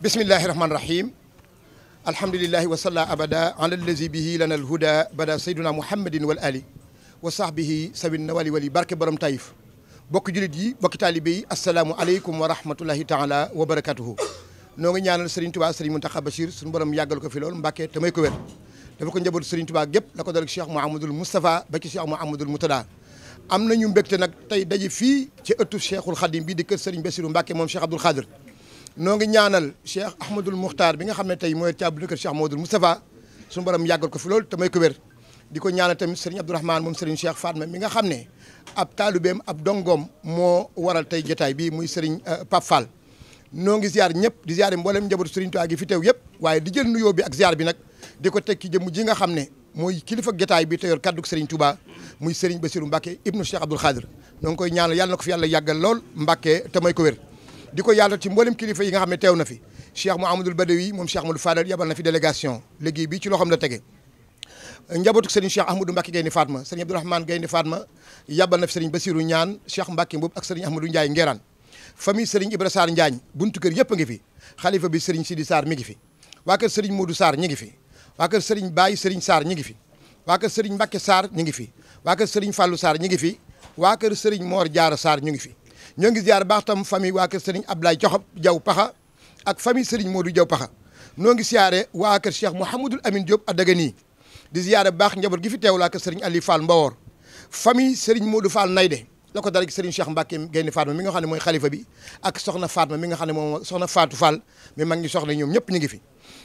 بسم الله الرحمن الرحيم الحمد لله وصلى أبدا على الذي به لنا الهدى بدا سيدنا محمد والآلي وصحبه سبي النوال ولي بارك برم تايف بوك جلدي بوك طالبي السلام عليكم ورحمة الله تعالى وبركاته نوغي نيانا سرين توبا سرين منتقى بشير سن برم ياغل كفي لول مباكي تمي كوير دفكو نجبور سرين توبا جيب لكو دارك شيخ محمد المصطفى بكي شيخ محمد المتدى أمنا نيوم بكتنا تاي داجي في تي أتو شيخ الخادم بي دي كر سرين بسير مباكي موم شيخ عبد الخادر noo ngi ñaanal Cheikh Ahmadul Moukhtar bi nga xam ne tey mooy caabu dëkk Cheikh Modou Moustapha suñu borom yàggal ko fi loolu te may ko wér di ko ñaanal tamit Serigne Abdourahmane moom Serigne Cheikh Fatma mi nga xam ne ab taalubeem ab dongoom moo waral tey jotaay bii muy Serigne Pape Fall noo ngi ziar ñëpp di ziar mboolem njabootu Serigne Touba gi fi teew yëpp waaye di jël nuyoo bi ak ziar bi nag di ko teg ci jëmm ji nga xam ne mooy kilifa jotaay bi te yor kaddu Serigne Touba muy Serigne Bassirou Mbacké ibnu Cheikh Abdoul Khadir noo ngi koy ñaanal yàlla na ko fi yàlla yàggal lool Mbacké te may ko wér diko yàlla ci mbolim kilifa yi nga xamne tewna fi Cheikh Mouhamadoul Badawi mom Cheikh Amadou Fadal yabal na fi délégation legui bi ci loxam la tege njabotu Serigne Cheikh Ahmadou Mbacke gayni Fatma Serigne abdou rahman gayni Fatma yabal na fi Serigne basirou Ñaan Cheikh Mbacke Mboup ak Serigne Ahmadou ndjay ngeran fami Serigne Ibra sar ndjay buntu keur yep nga fi khalifa bi Serigne Sidi sar mi ngi fi wa keur Serigne Modou sar ñi ngi fi wa keur Serigne Baye Serigne sar ñi ngi fi wa keur Serigne Mbacke sar ñi ngi fi wa keur Serigne Fallou sar ñi ngi fi wa keur Serigne Mor Diarra sar ñi ngi fi ñoo ngi ziar baax tam famille waa kër Serigne Abdoulaye Diakhab Diaw Paxa ak famille moo du Diaw Paxa noo ngi siyaare waa kër Cheikh Mouhamadul Amine Diop Adagani di ziare baax njaboot gi fi teew la laa kër Serigne Aliou Fall Mbawor famille Serigne Modou Fall Nayde la ko dara gi Serigne Cheikh Mbacke Gaynde Fatma mi nga xam ne mooy xalifa bi ak soxna Fatma mi nga xam ne moom soxna Fatou Fall mais mag ngi soxna ñoom ñëpp ñu ngi fi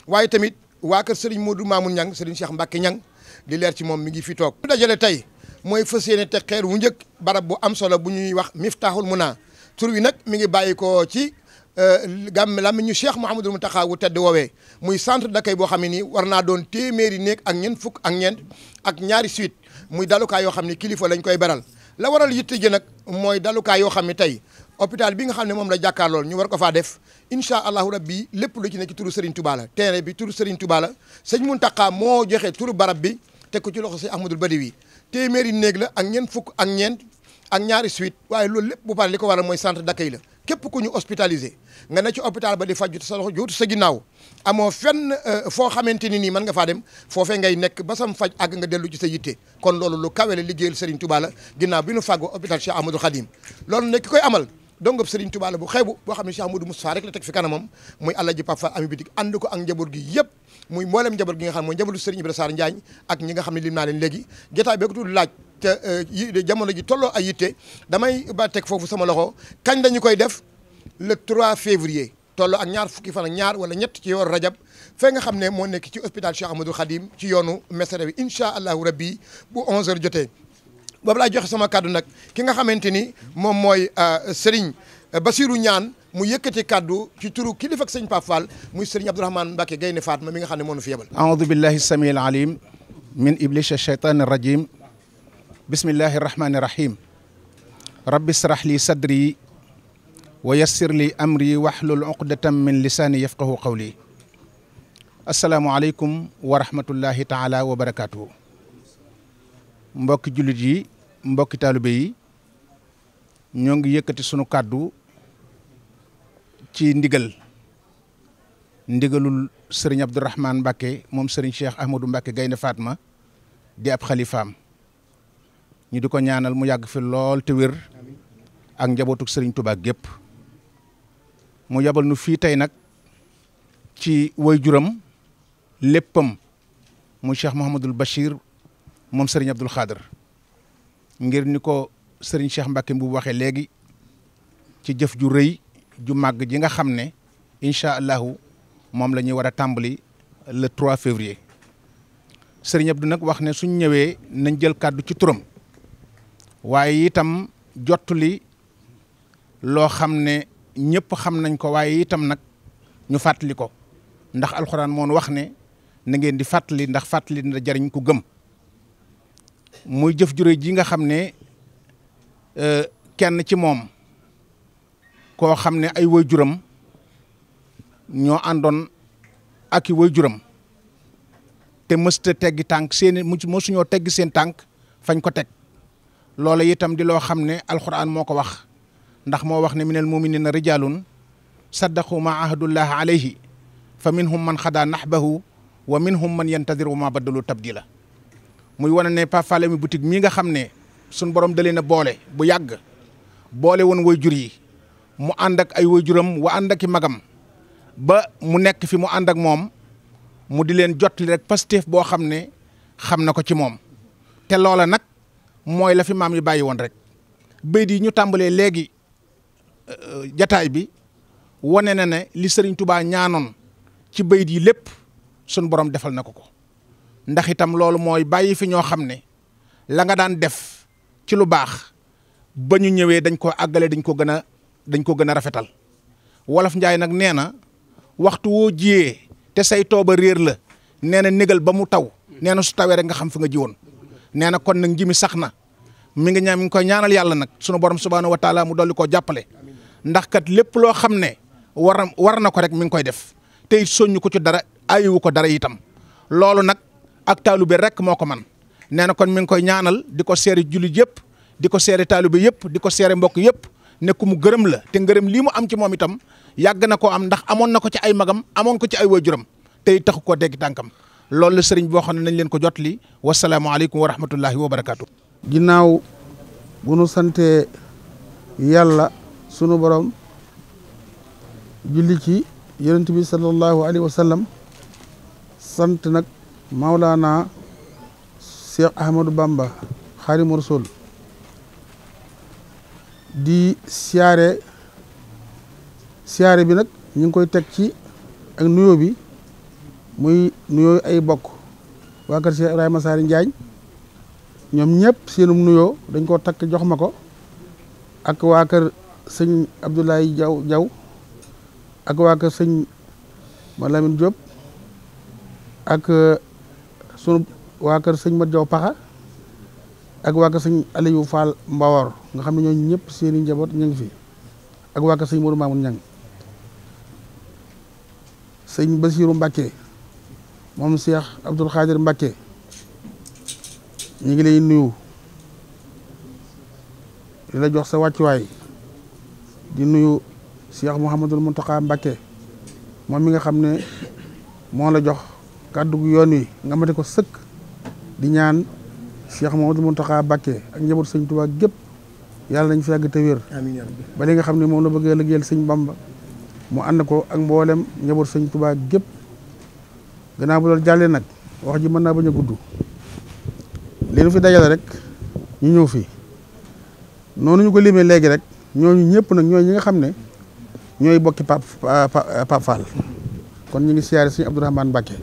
waaye tamit waa kër Serigne Modou Mamoun Niang Serigne Cheikh Mbacke Niang di leer ci moom mi ngi fi toog dajale tey mooy fas yéene teg xeer wu njëkk barab bu am solo bu ñuy wax miftaaxul munaa tur wi nag mi ngi bàyyi ko ci euh, gàmm làmmiñu Cheikh Mouhamadul Mountakha wu tedd woowee muy centre d'accueil boo xam ne nii war naa doon téeméeri néeg ak ñeent fukk ak ñeent ak ñaari suite muy dalukaay yoo xam ne kilifa lañ koy beral la waral yitte ji nag mooy dalukaay yoo xam ne tey hôpital bi nga xam ne moom la jàkkaarloo ñu war ko faa def incha allahu rabbi lépp lu ci ne ci turu Serigne Touba la terrain bi turu Serigne Touba la mu Mountakha moo joxe turu barab bi teg ko ci loxo si Ahmadul Badawi téeméeri néeg la ak ñeent fukk ak ñeent ak ñaari suite waaye loolu lépp bu pare li ko waral mooy centre d'accueil la képp ku ñu hospitalisé nga ne ci ba di faju sa loxo juutu sa ginnaaw amoo fenn euh, foo xamante ni nii mën nga faa dem foofee ngay nekk ba sam faj àgg nga dellu ci sa yitte kon loolu lu kawe la liggéeyal Serigne Touba la ginnaaw bi ñu fàggoo hôpital Cheikh Amadou Khadim loolu nekk koy amal dongob Serigne Touba la bu xeebu boo xam ne Cheikh Amadou Moustapha rek la teg fi kanamam muy Alaaji Pap Fall ami bitik ànd ko ak njaboot gi yëpp muy mboolem njaboot gi nga xam mooy njabootu Serigne Ibrahima Sarr Njaañ ak ñi nga xam ne lim naa leen léegi jotaay bi ko tudd laaj te euh, jamono ji tolloo ay yitte damay ba teg foofu sama loxo kañ dañu koy def le trois février tolloo ak ñaar fukki fan ñaar wala ñett ci yoor rajab fee nga xam ne moo nekk ci hôpital Cheikh Ahmadou Khadim ci yoonu Mesere bi incha allahu rabbi bu 11h jotee. boobu laay joxe sama kàddu nag ki nga xamante ni moom mooy euh, Serigne euh, Basirou Ñaan mu yëkëti kàddu ci turu kilifa ak seigne pafal Fall muy sëriñ Abdourahmane Mbacke gayne Fatma mi nga xamne mo nu fi yebal aoudu billahi samiyil alim min iblis ash-shaytan ar-rajim bismillahir rahmanir rahim rabbi israh li sadri wa yassir li amri wahlul uqdatan min lisaani yafqahu qawli asalaamualeykum wa rahmatullahi taala wa barakaatuhu mbokki jullit yi mbokki taalibe yi ñoo ngi sunu kàddu ci ndigal ndigalul serigne Abdourahmane Mbacké mom serigne Cheikh Ahmadou Mbacké gayna Fatma di ab khalifam ñu diko ñaanal mu yag fi lol te wir ak njabotuk serigne Touba gep mu yabal nu fi tay nak ci wayjuram leppam mu Cheikh mohamedou Bachir mom serigne Abdoul Khader ngir niko serigne Cheikh Mbacké bu waxe legi ci jëf ju reuy ju màgg ji nga xam ne incha allahu moom lañuy ñuy war a tàmbali le 3 février sëriñ Abdou nag wax ne suñ ñëwee nañ jël kàddu ci turam waaye itam jottali loo xam ne ñëpp xam nañ ko waaye itam nag ñu fàttali ko ndax alxuraan moon wax ne na ngeen di fàttali ndax fàttali na jariñ ku gëm muy jëf jure ji nga xam ne euh, kenn ci moom. ko xamne ay wayjuram ño andon ak wayjuram te mësta teggi tànk seen mësuñoo teggi seen tànk fañ ko tek lolé itam di lo xamne alquran moko wax ndax mo wax ne minal muminina rijalun saddaqu ma ahadullah alayhi faminhum man khada nahbahu wa minhum man yantadhiru ma badalu tabdila muy wonane pa falemi boutique mi nga xamne suñ borom dalena bolé bu yàgg bolé won way yi mu ànd ak ay waajuram wa ànd ak i magam ba mu nekk fi mu ànd ak moom mu di leen jot jottali rek Pastef boo xam ne xam na ko ci moom te loola nag mooy la fi maam yi bàyyi woon rek béy di ñu tàmbalee léegi euh, jataay bi wane na ne li Serigne Touba ñaanoon ci béy di lépp sun borom defal na ko ko ndax itam loolu mooy bàyyi fi ñoo xam ne la nga daan def ci lu baax ba ñu ñëwee dañ koo àggale dañ ko gën a dañ ko gëna rafetal wolof njaay nak neena waxtu wo jiyee te say toba reer la neena na négal ba mu taw neena su tawee rek nga xam fi nga jiwon neena na kon nak nji saxna mi nga ñam mi ngi koy ñaanal yalla nak suñu borom subhanahu wa taala mu doli ko jappalé ndax kat lepp lo xamné war war nako rek mi ngi koy def te it ko ci dara ayiwu ko dara itam lolu nak ak taalibe rek moko man neena kon mi ngi koy ñaanal diko ko julli jullit diko di ko seeri diko ne ku mu gërëm la te ngërëm lii mu am ci moom itam yàgg na ko am ndax amoon na ko ci ay magam amoon ko ci ay waajuram tey taxu koo dégg tànkam loolu la sëriñ boo xam ne nañ leen ko jot li wasalaamaaleykum wa rahmatullahi wa barakaatu. ginnaaw bu nu sante yàlla sunu borom julli ci yonent bi sallallahu alayhi wa sant nag Maulana Cheikh Ahmadou Bamba Xaadimu Rasuul di siyaare siyaare bi nag ñu ngi koy teg ci ak nuyoo bi muy nuyoo ay bokk waa kër Cheikh Ibrahima Sary Njaañ ñoom ñëpp seenum nuyoo dañ koo takk jox ma ko ak waa kër sëñ Abdoulaye Diaw jaw ak waa kër sëñ Malamine Diop ak sunu waa kër sëñ ma Diaw Paxa ak waa seigne Aliou Fall Mbawor nga xamni ñoo ñepp ñëpp seeni njaboot ñu ngi fi ak waa seigne mourou Mamoun ñang seigne basirou Mbàkke mom Cheikh Abdoul Khadir Mbàkke ñi ngi lay nuyu di jox sa way di nuyu Cheikh Mouhamadul muntaka Mbàkke mom mi nga xamne ne la jox kaddu yoon nga ko seuk di ñaan Cheikh Mamadou Mountakha bakke ak njaboot sëñ Tuubaa gépp yàlla nañ fi yàgg te wér ba li nga xam mo la bëggee liggéeyal sëñ Bamba mu and ko ak mboolem njabot sëñ touba gep gannaaw bu dal jàllee nak wax ji mëna bañu guddu a li nu fi dajal rek ñu ñëw fi nonu ñu ko limé légui rek ñooñu ñëpp nak ñoo ñi nga xam ñoy bokki pap pap Fall kon ñi ngi siyaare sëñ Abdourahmane bakke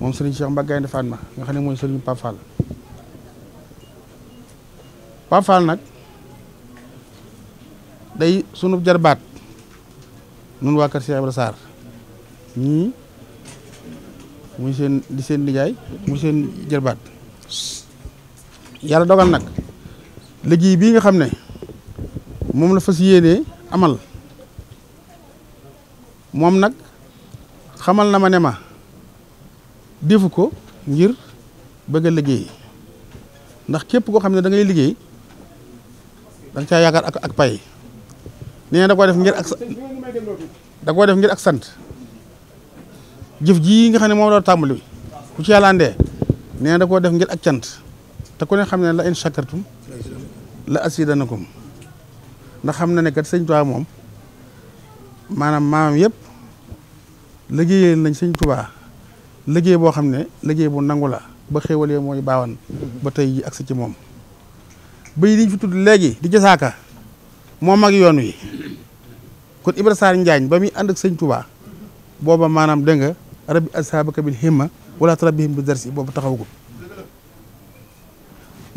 mom sëriñ Cheikh mbagay Gaïndé ma nga xam ne mooy pap Fall Pafal nak day sunu jarbat nun wa Kër Cheikh Ibra ni muy sen di sen nijaay muy sen jarbat yalla dogal nak liggey bi nga xamne ne la fas amal mom nak xamal na ma ne ma defuko ngir bëgg liggey nak ndax képp ko xamne da ngay liggey dañ caa yaakaar ak ak pay nee na da koo def ngir ak da def ngir ak sant jëf ji nga xam ne moom la tàmbali ku ci yàlla andee nee na da koo def ngir ak sant te ku ne xam ne la in shakartum la asidanakum ndax xam na ne kat sëñ Tuubaa moom maanaam maamam yëpp liggéeyee nañ sëñ Tuubaa liggéey boo xam ne liggéey bu nangu la ba xéwal yee mooy baawan ba tey ji ak si ci moom ba liñ fi tudd léegi di jasaaka moo mag yoon wi kon Ibra Sarr Njaañ ba muy ànd ak sëñ Touba booba maanaam dégg nga rabbi ashaabaka bil himma wala tarabbihim bi darsi boobu taxawagul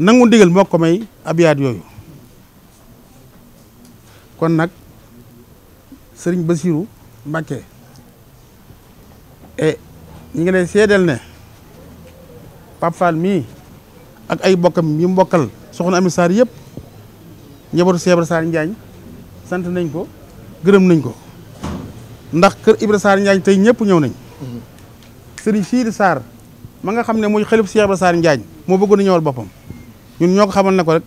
nangu ndigal moo ko may abiyaat yooyu kon nag sëriñ Basiiru Mbàkke e ñu ngi lay seedeel ne Pape mii ak ay bokkam yi mbokkal soxna Ami saar yëpp njabootu Cheikh Ibra Sarr Njaañ sant nañ ko gërëm nañ ko ndax kër Ibra Sarr Njaañ tey ñëpp ñëw nañ sëriñ Siidi saar ma nga xam ne mooy xelif Cheikh Ibra Sarr Njaañ moo bëggoon a ñëwal boppam ñun ñoo ko xamal ko rek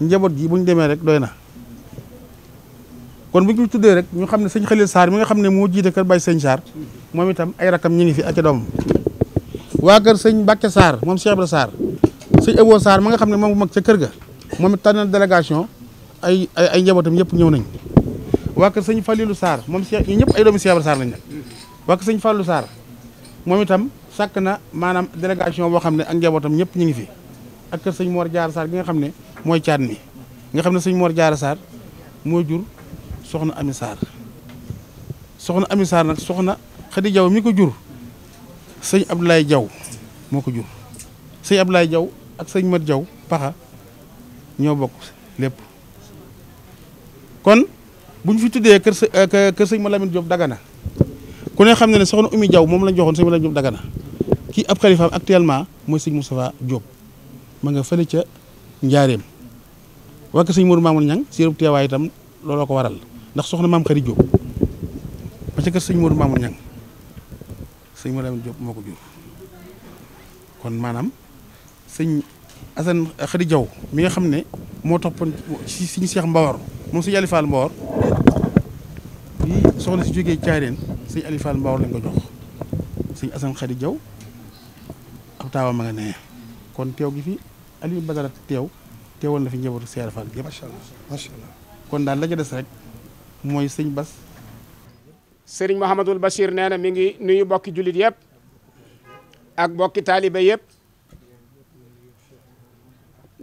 njaboot gi bu demee rek doy na kon bu ñu tuddee rek ñu xam ne sëñ Xalil Sarr nga xam ne moo jiite kër Baye Sëñ Sarr moom itam ay rakam ñu ngi fi ak doomam waa kër sëñ Mbacke Sarr moom Cheikh Ibra saar sëñ Abo saar ma nga xam ne moom mag ca kër ga moom it tànn délégation ay ay njabootam yëpp ñëw nañ waa sëñ Falilou Sarr moom ñëpp ay doomi Cheikh Ibra Sarr sëñ Fallou Sarr moom itam sakk na maanaam délégation boo xam ne ak njabootam ñëpp ñu ngi fi ak kër sëñ Mor Diarra Sarr gi nga xam ne mooy caat mi nga xam ne sëñ Mor Diarra saar mooy jur soxna Ami soxna Ami Sarr soxna Xadi Jaw mi ko jur sëñ Abdoulaye Jaw moo ko jur sëñ Abdoulaye Jaw ak sëñ Mat Jaw paxa ñoo bokk lépp kon bu buñ fi tuddee kër sa eh, kër sëñ Malamine Diop Dagana ku ne xam ne ne soxna umi jaw moom lañ joxoon sëñ Malamine Diop Dagana kii ab xalifaam actuellement mooy sëñ Moustapha Diop ma nga fële ca Njaareem waa kër sëñ Mourou Mamoun Niang ko waral ndax soxna maam Xari Diop ba ca kër sëñ Mourou Mamoun sëñ Malamine Diop moo ko jur kon maanaam sëñ Assane Khady Bachir nee mi ngi nuyu bokki julit yeb ak bokki talibey yeb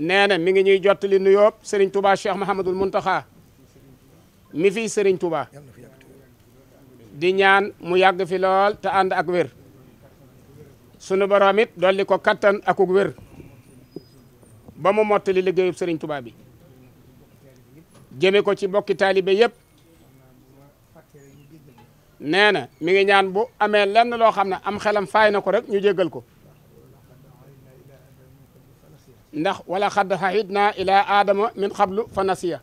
nee na mi ngi ñuy jottali nuyoo Serigne Touba Cheikh Mouhamadul Mountakha mi fii Serigne Touba di ñaan mu yàgg fi lool te ànd ak wér sunu borom it dolli ko kattan akuk wér ba mu mottali liggéeyub Serigne tubaa bi jëme ko ci bokki taalibe yëpp nee na mi ngi ñaan bu amee lenn loo xam ne am xelam faay na ko rek ñu jéggal ko. ndax wala khad xahid ila adam min qabl fa nasiya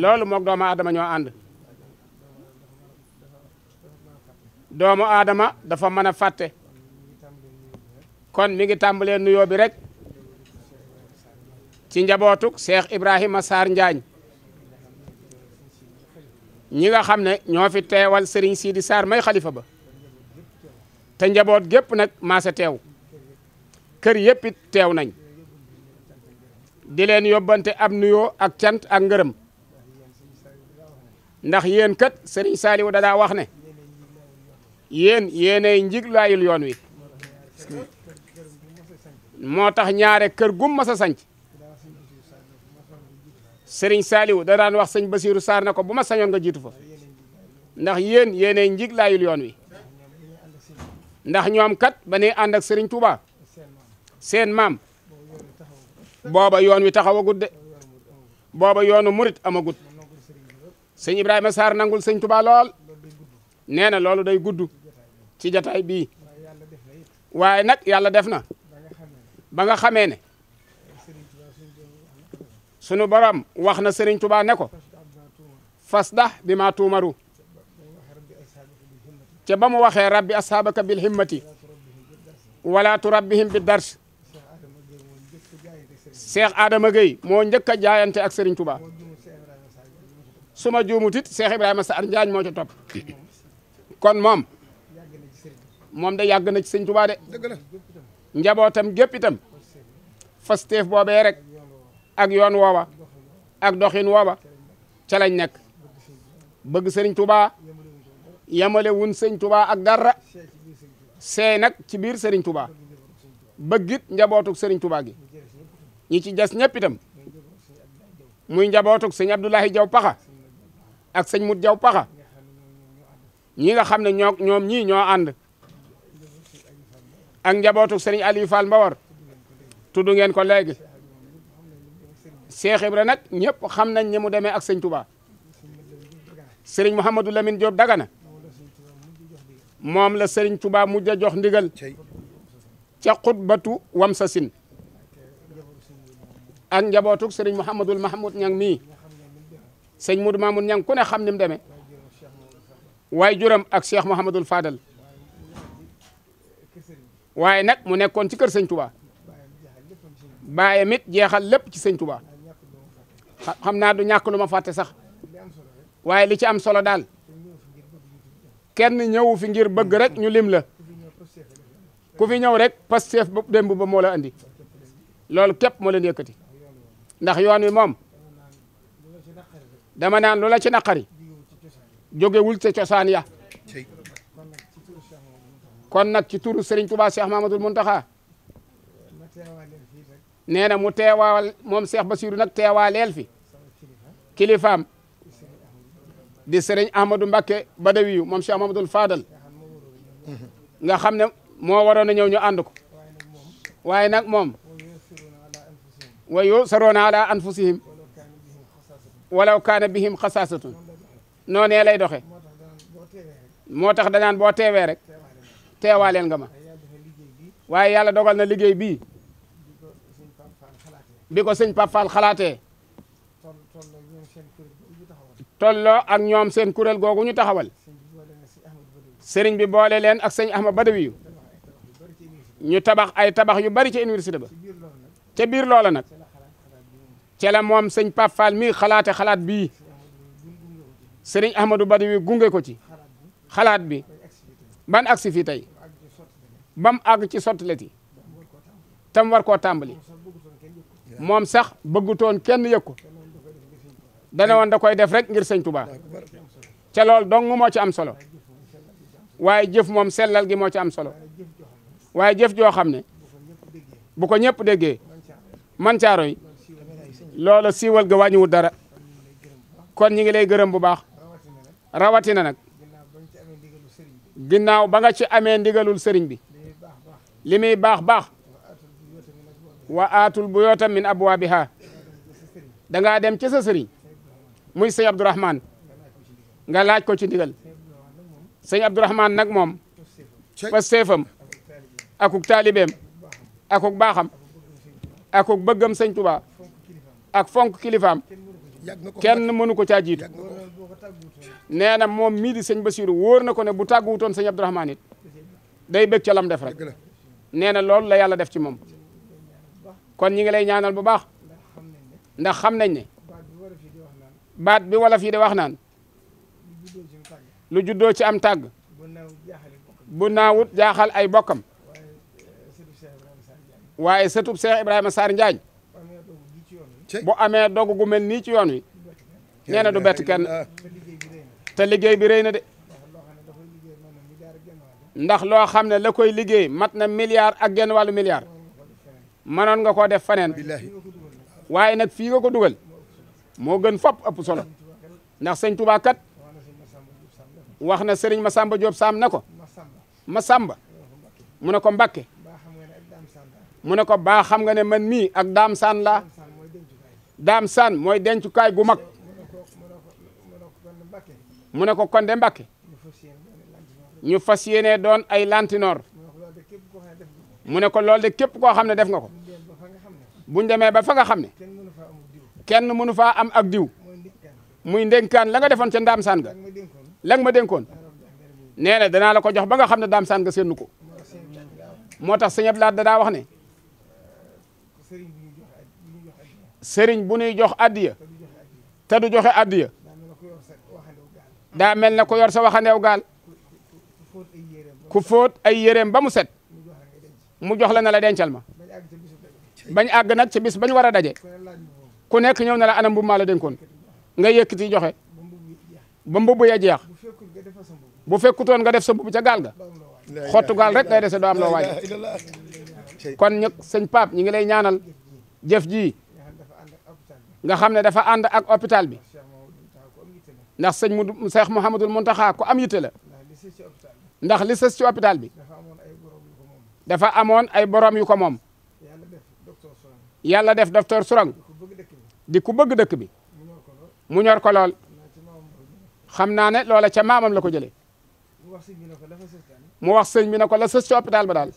lolou mok doomu aadama ñoo ànd doomu aadama dafa meuna fàtte kon mi ngi tambale nuyo bi rek ci njabootuk Cheikh ibrahim Sarr Njaañ ñi nga xamne ne ñoo fi teewal Serigne Sidi sar may khalifa ba te njabot gep nak ma sa teew kër yëpp teew nañ di leen yóbbante ab nuyoo ak cant ak ngërëm ndax yéen kat sëriñ saaliw da daa wax ne yéen yéenay njig laayul yoon wi moo tax ñaare kër gum mas a sanc sëriñ da daan wax sëñ Basiiru Saar na ko bu ma sañoon nga jiitu fa ndax yéen yéenay njig laayul yoon wi ndax ñoom kat ba ne ànd ak sëriñ Touba seen maam booba yoon wi taxawagut de booba yoonu murit amagut sëñ Ibrahima Sarr nangul sëñ Tuubaa lool nee na loolu day gudd ci jataay bii waaye nag yàlla def na ba nga xamee ne sunu borom wax na sëriñ Tuubaa ne ko fasdah bi maa tuumaru ca ba mu waxee rabbi ashaabaka bil himmati wala turabbihim bi dars Cheikh Adama Gueye moo njëkk a jaayante ak Serigne Touba su ma juumut it Cheikh Ibrahima Sarr Njaañ moo ca topp kon moom moom de yàgg na ci Serigne Touba de njabootam gépp itam fasteef boobee rek ak yoon woowa ak doxin wooba ca lañ nekk bëgg Serigne tuba yamale wun Serigne Touba ak dara seey nag ci biir Serigne Touba bëggit njabootug Serigne Touba gi. ñi ci des ñëpp itam muy njabootug sëñ abdullahi Jaw Paxa ak sëñ Mut Jaw Paxa ñi nga xamne ñok ñom ñi ño and ak njabootug sëriñ ali Fall Mbawar tuddu ngeen ko legi Cheikh Ibra nak ñëpp xam nañ mu deme ak sëñ Touba Lamine job Dagana mom la sëriñ Touba jox ndigal ca khutbatu wamsasin ak njabootug serigne mohammedul Mahmoud ñang mi serigne Moudou Mamoun ñang ku ne xam nim demé way juram ak Cheikh mohammedul Fadal waye nak mu nekkon ci kër serigne Touba baye mit jeexal lepp ci serigne Touba xamna du ñak luma ma sax waye li ci am solo dal kenn ñewu fi ngir bëgg rek ñu lim la ku fi ñew rek Pastef bu ba mo la andi Lol kep mo len yëkkati ndax yoon wi moom dama naan lu la ci naqari jógewul sa cosaan ya kon nag ci turu Serigne Touba Cheikh Mamadou Mountakha na mu teewaal moom Cheikh Bassirou nag teewaaleel fi kilifaam di Serigne Ahmadou Mbacké Badawiyu moom Cheikh Mamadou Fadal nga xam ne moo waroon a ñëw ñu ànd ko waaye nag moom. ويؤثرون على انفسهم ولو كان بهم خصاصة نوني لاي دوخي موتاخ دا نان بو تيوي رك تيوالين غاما واي يالا دوغال نا ليغي بي بيكو سيغ بافال خلاتي tollo ak ñoom seen kurel googu ñu taxawal sëriñ bi boole leen ak sëriñ ahmad badawi ñu tabax ay tabax yu bari ci université ba ca biir loola nag ca la moom sëñ Pape Fall mii xalaate xalaat bii sëriñ Ahmadou Badawi gunge ko ci xalaat bi ban agsi fii tey ba mu àgg ci sottileti tam war koo tàmbali moom sax bëggutoon kenn yëg ko dana woon da koy def rek ngir sëñ Touba ca lool dong moo ci am solo waaye jëf moom sellal gi moo ci am solo waaye jëf joo xam ne bu ko ñëpp déggee man caaro yi loola siiwal ga wàññiwul dara kon ñi ngi lay gërëm bu baax rawatina nag ginnaaw ba nga ci amee ndigalul sëriñ bi li muy baax baax wa aatul buyootam min abwaabiha da ngaa dem ci sa sëriñ muy sëñ Abdourahman nga laaj ko ci ndigal sëñ Abdourahman nag moom fa seefam akuk taalibeem akuk baaxam ak bëggam señ Touba ak fonk kilifam kenn mënu ko ca jiitu nee na mi di señ basir woor na ko ne bu tàgguwutoon señ Abdourahmane day bëgg ci lam def rek nee na la yalla def ci mom kon ñi ngi lay ñaanal bu baax ndax xam nañ ne baat bi wala fi di wax naan lu juddoo ci am tàgg bu naawut jaaxal ay bokkam waaye sëtub Cheikh Ibrahima Sarr Njaañ bu amee dogu gu nii ci yoon wi nee na du bett kenn te liggéey bi rëy na de ndax loo xam ne la koy liggéey mat na milliard ak genn wàllu milliard mënoon nga koo def faneen waaye nag fii nga ko dugal moo gën fopp ëpp ndax sëñ Tuubaa kat wax na sëriñ Masamba Diop Sam na ko Masamba mu ne ko Mbàkke mu ne ko baax xam nga ne man mii ak daam saan laa daam saan mooy dencukaay gu mag mu ne ko kon de Mbàkke ñu fas yéene doon ay lantinoor mu ne ko loolu de képp koo xam ne def nga ko buñ demee ba fa nga xam ne kenn mënu faa am ak diw muy denkaan la nga defoon ca ndaam saan ga la ma denkoon neene na danaa la ko jox ba nga xam ne daam saan ga seenu ko moo tax sëñ Abdou Lahad danaa wax ne sëriñ bu ñuy jox addiya. te du joxe addiya. daa mel ne ko yor sa waxandeew gaal. ku fóot ay yéreem ba mu set. mu jox la na la dencal ma. bañ àgg nag ci bis bañ war a daje. ku nekk ñëw na la anam mala denkoon nga dénkoon. nga joxe. ba mbubb ya jeex. bu fekkutoon nga def sa mbubb ca gaal ga. xottu gaal rek ngay dese doo am loo waaj. kon ñëg sëñ Pape ñi ngi lay ñaanal jëf ji nga xam ne dafa ànd ak hôpital bi ndax sëñ mu Cheikh Mouhamadul Mountakha ku am yitte la ndax li ci hôpital bi dafa amoon ay borom yu ko moom yàlla def docteur Sourang di ku bëgg dëkk bi mu ñor ko lool xam naa ne loola ca maamam la ko jëlee mu wax sëñ bi ne ko la ci hôpital ba daal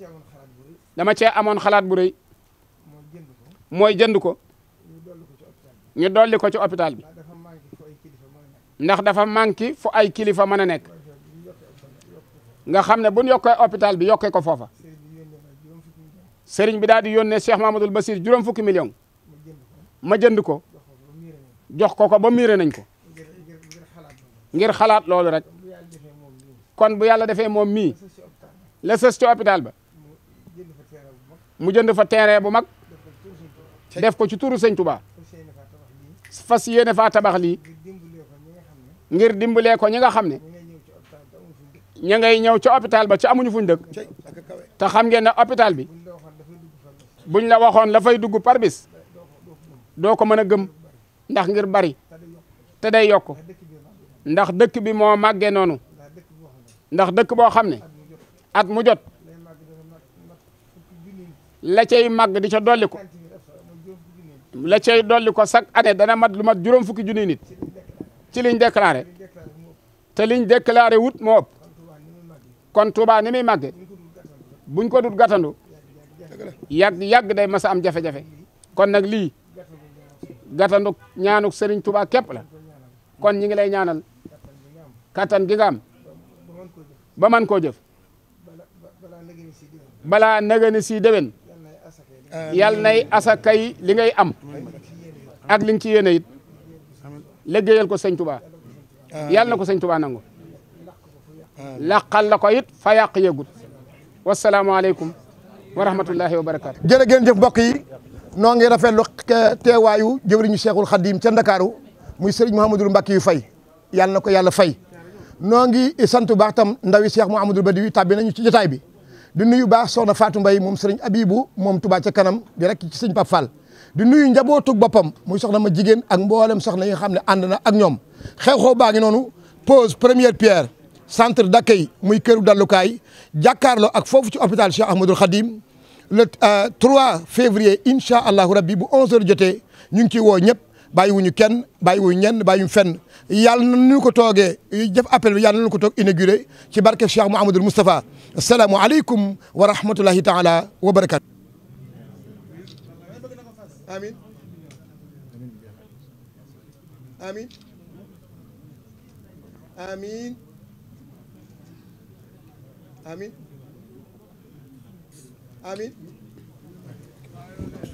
dama ci amone xalaat bu reuy moy jënd ko ñu doli ko ci hôpital bi ndax dafa manki fu ay kilifa mëna nek nga xamne buñ bu hôpital bi yokkee ko fofa serigne bi daal di yónne Cheikh Mamadou Bassir juróom fukki million ma jënd ko jox ko ko ba miire nañ ko ngir xalaat loolu rek kon bu yàlla defee moom mii la sës ci hôpital ba mu jënd fa terrain bu mag def ko ci turu sëñ Touba fas yéene faa tabax lii ngir dimbalee ko ñi nga xam ne ña ngay ñëw ca hôpital ba ca amuñu fuñ dëkk te xam ngeen ne hopital bi buñ la waxoon la fay dugg par bis doo ko mën a gëm ndax ngir bari te day yokk ndax dëkk bi moo màggee noonu ndax dëkk boo xam ne at mu jot la cay màgg di ca dolli ko la cay dolli ko chaque année dana mat lu mat juróom fukki junniy nit ci liñ déclaré te liñ déclaré wut moo ëpp kon Touba ni muy buñ ko dut gàttandu yàgg yàgg day mas am jafe-jafe kon nag lii gàttandu ñaanuk sëriñ Touba képp la kon ñi ngi lay ñaanal kattan gi nga ba man koo jëf balaa nagani si yàlla nay asakay yi li ngay am ak li nga ci yéene it liggéeyal ko sëñ Tuba yàlla na ko sëñ Tuba nangu làqal la ko it fa yàq yëgut wasalaamaaleykum wa rahmatullahi wa barakaatu. jërë ngeen jëf mbokk yi noo ngi rafetlu teewaayu jëwriñu Cheikhul Khadim ca Ndakaaru muy sëriñ Mouhamadul Mbacke yu fay yàlla na ko yàlla fay noo ngi sant baax tam ndawi Cheikh Mouhamadul Badi wi tàbbi nañu ci jotaay bi. di nuyu baax soxna Fatou Mbaye moom sëriñ Abibu moom Touba ca kanam di rek ci sëñ Pap Fall di nuyu njabootug boppam muy soxna ma jigéen ak mboolem soxna yi nga xam ne ànd na ak ñoom xew-xew baa ngi noonu pose première pierre centre d'accueil muy këru dallukaay jàkkaarloo ak foofu ci hôpital Cheikh Ahmadoul Khadim le 3 euh, février incha allahu rabbi bu 11h jotee ñu ngi ciy woo ñëpp bàyyiwuñu kenn bàyyiwuñu ñenn bàyyiwuñu fenn yàlla na ñu ko toogee jëf appel bi yàlla na ñu ko toog inauguré ci barke Cheikh Mouhamadul Moustapha asalaamualeykum wa rahmatulahi taala wa barakaatu. amiin amiin amiin amiin amiin